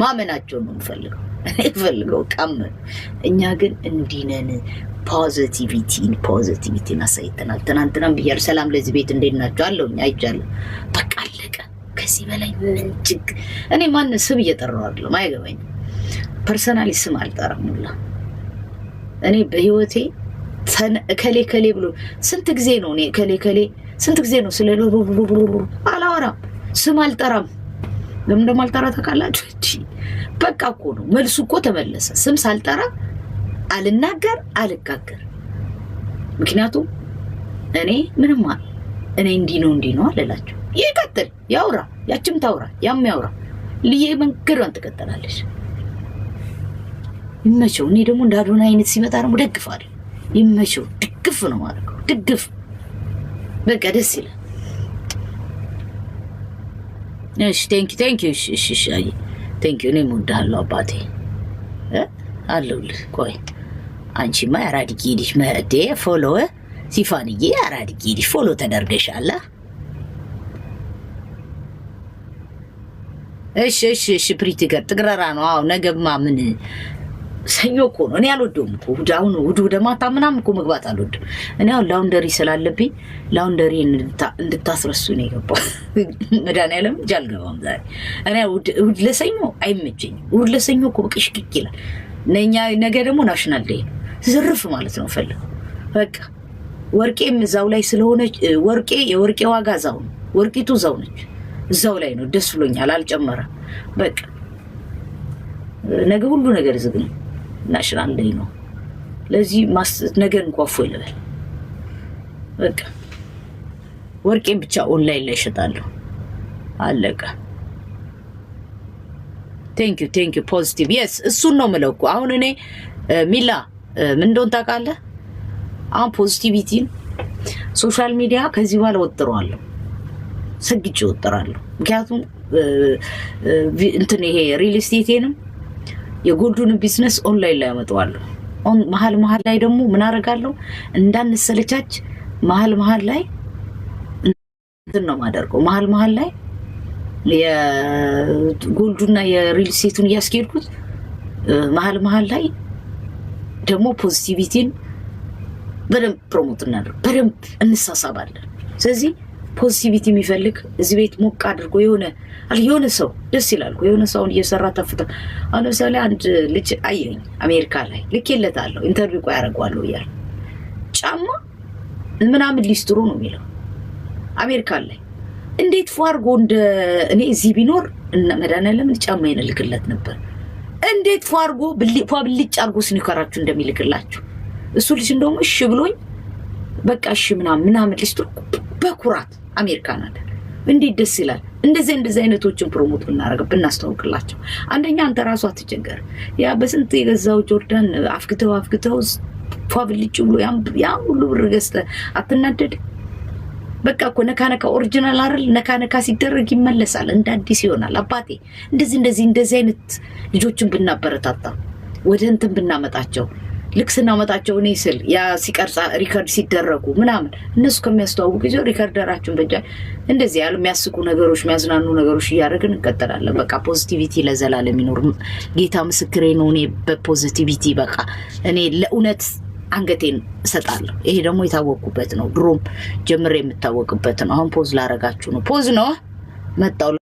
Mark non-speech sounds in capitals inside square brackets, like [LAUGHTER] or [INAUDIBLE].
ማመናቸው ነው የምፈልገው ፈልገው ቃመን እኛ ግን እንዲነን ፖዘቲቪቲን ፖዘቲቪቲን አሳይተናል። ትናንትናም ብያለሁ። ሰላም ለዚህ ቤት እንዴት ናቸው አለውኝ አይቻለሁ። በቃ አለቀ። ከዚህ በላይ ምን ችግ እኔ ማን ስም እየጠራው አይደለም፣ አይገባኝም። ፐርሰናሊ ስም አልጠራም ሁላ እኔ በህይወቴ ከሌ ከሌ ብሎ ስንት ጊዜ ነው እኔ ከሌ ከሌ ስንት ጊዜ ነው ስለ አላወራም፣ ስም አልጠራም። ለምን እንደማልጠራ ታውቃላችሁ? በቃ እኮ ነው መልሱ እኮ ተመለሰ። ስም ሳልጠራ አልናገር አልጋገር። ምክንያቱም እኔ ምንም እኔ እንዲህ ነው እንዲህ ነው አልላችሁ። ይቀጥል፣ ያውራ፣ ያችም ታውራ፣ ያም ያውራ። ልዬ መንገዷን ትቀጥላለች። ይመቸው። እኔ ደግሞ እንደ አይነት ሲመጣ ደግሞ ደግፋለሁ። ይመቸው። ድግፍ ነው ማለት ነው። ድግፍ በቃ ደስ ይላል። እሺ ቴንኪው ቴንኪው። እሺ እሺ አይ ቴንኪው። እኔም እወድሃለሁ አባቴ እ አለሁልህ። ቆይ አንቺማ ያራድጌ ልጅ መዴ ፎሎ ሲፋንዬ ያራድጌ ልጅ ፎሎ ተደርገሻል። እሺ እሺ እሺ። ፕሪቲ ጋር ጥግረራ ነው። አዎ ነገማ ምን ሰኞ እኮ ነው። እኔ አልወደውም እኮ እሑድ። አሁን እሑድ ወደ ማታ ምናምን እኮ መግባት አልወድም። እኔ አሁን ላውንደሪ ስላለብኝ ላውንደሪ እንድታስረሱ ነው የገባው። [LAUGHS] መድኃኒዓለም እጅ አልገባም ዛሬ። እኔ እሑድ ለሰኞ አይመቸኝም። እሑድ ለሰኞ እኮ ቅሽቅቅ ይላል። ነኛ ነገ ደግሞ ናሽናል ዴይ ዝርፍ ማለት ነው ፈልግ በቃ ወርቄም እዛው ላይ ስለሆነች ወርቄ የወርቄ ዋጋ እዛው ነው። ወርቂቱ እዛው ነች፣ እዛው ላይ ነው። ደስ ብሎኛል። አልጨመረም። በቃ ነገ ሁሉ ነገር ዝግ ነው። ናሽናል ደይ ነው። ለዚህ ነገር እንኳፎ ይለበል በቃ ወርቄን ብቻ ኦንላይን ላይ እሸጣለሁ። አለቀ። ቴንክ ዩ ቴንክ ዩ ፖዚቲቭ የስ እሱን ነው የምለው እኮ አሁን እኔ ሚላ ምን እንደሆነ ታውቃለህ? አሁን ፖዚቲቪቲን ሶሻል ሚዲያ ከዚህ በኋላ ወጥረዋለሁ፣ ሰግጬ ወጥራለሁ። ምክንያቱም እንትን ይሄ ሪል ስቴቴንም የጎልዱን ቢዝነስ ኦንላይን ላይ ያመጣዋለሁ። መሀል መሀል ላይ ደግሞ ምን አደርጋለሁ እንዳንሰለቻች መሀል መሀል ላይ እንትን ነው የማደርገው። መሀል መሀል ላይ የጎልዱና የሪል ስቴቱን እያስኬድኩት መሀል መሀል ላይ ደግሞ ፖዚቲቪቲን በደንብ ፕሮሞት እናደርግ፣ በደንብ እንሳሳባለን። ስለዚህ ፖዚቲቪቲ የሚፈልግ እዚህ ቤት ሞቅ አድርጎ የሆነ የሆነ ሰው ደስ ይላል። የሆነ ሰውን እየሰራ ተፍተ አሁን ለምሳሌ አንድ ልጅ አየኝ አሜሪካ ላይ ልኬለታለሁ። ኢንተርቪው እኮ ያደርገዋለሁ እያለ ጫማ ምናምን ሊስትሮ ነው የሚለው አሜሪካ ላይ እንዴት ፏርጎ እንደ እኔ እዚህ ቢኖር መድኃኒዓለም ጫማ ይንልክለት ነበር። እንዴት ፏርጎ ፏ ብልጭ አርጎ ስኒከራችሁ እንደሚልክላችሁ እሱ ልጅ እንደሞ እሺ ብሎኝ በቃ እሺ ምናምን ምናምን ሊስትሮ በኩራት አሜሪካ ናት። እንዴት ደስ ይላል! እንደዚህ እንደዚህ አይነቶችን ፕሮሞት ብናደርግ ብናስተዋውቅላቸው፣ አንደኛ አንተ ራሱ አትቸገር። ያ በስንት የገዛው ጆርዳን አፍግተው አፍግተው ፏብልጭ ብሎ ያም ሁሉ ብር አትናደድ? በቃ እኮ ነካ ነካ ኦሪጂናል አይደል? ነካ ነካ ሲደረግ ይመለሳል፣ እንደ አዲስ ይሆናል። አባቴ እንደዚህ እንደዚህ እንደዚህ አይነት ልጆችን ብናበረታታ ወደ እንትን ብናመጣቸው ልክ ስናመጣቸው እኔ ስል ያ ሲቀርጻ ሪከርድ ሲደረጉ ምናምን እነሱ ከሚያስተዋውቅ ጊዜ ሪከርደራችን በእጃ እንደዚህ ያሉ የሚያስቁ ነገሮች የሚያዝናኑ ነገሮች እያደረግን እንቀጥላለን። በቃ ፖዚቲቪቲ ለዘላለም ይኖር። ጌታ ምስክሬ ነው። እኔ በፖዚቲቪቲ በቃ እኔ ለእውነት አንገቴን እሰጣለሁ። ይሄ ደግሞ የታወቅኩበት ነው። ድሮም ጀምሬ የምታወቅበት ነው። አሁን ፖዝ ላረጋችሁ ነው። ፖዝ ነው መጣው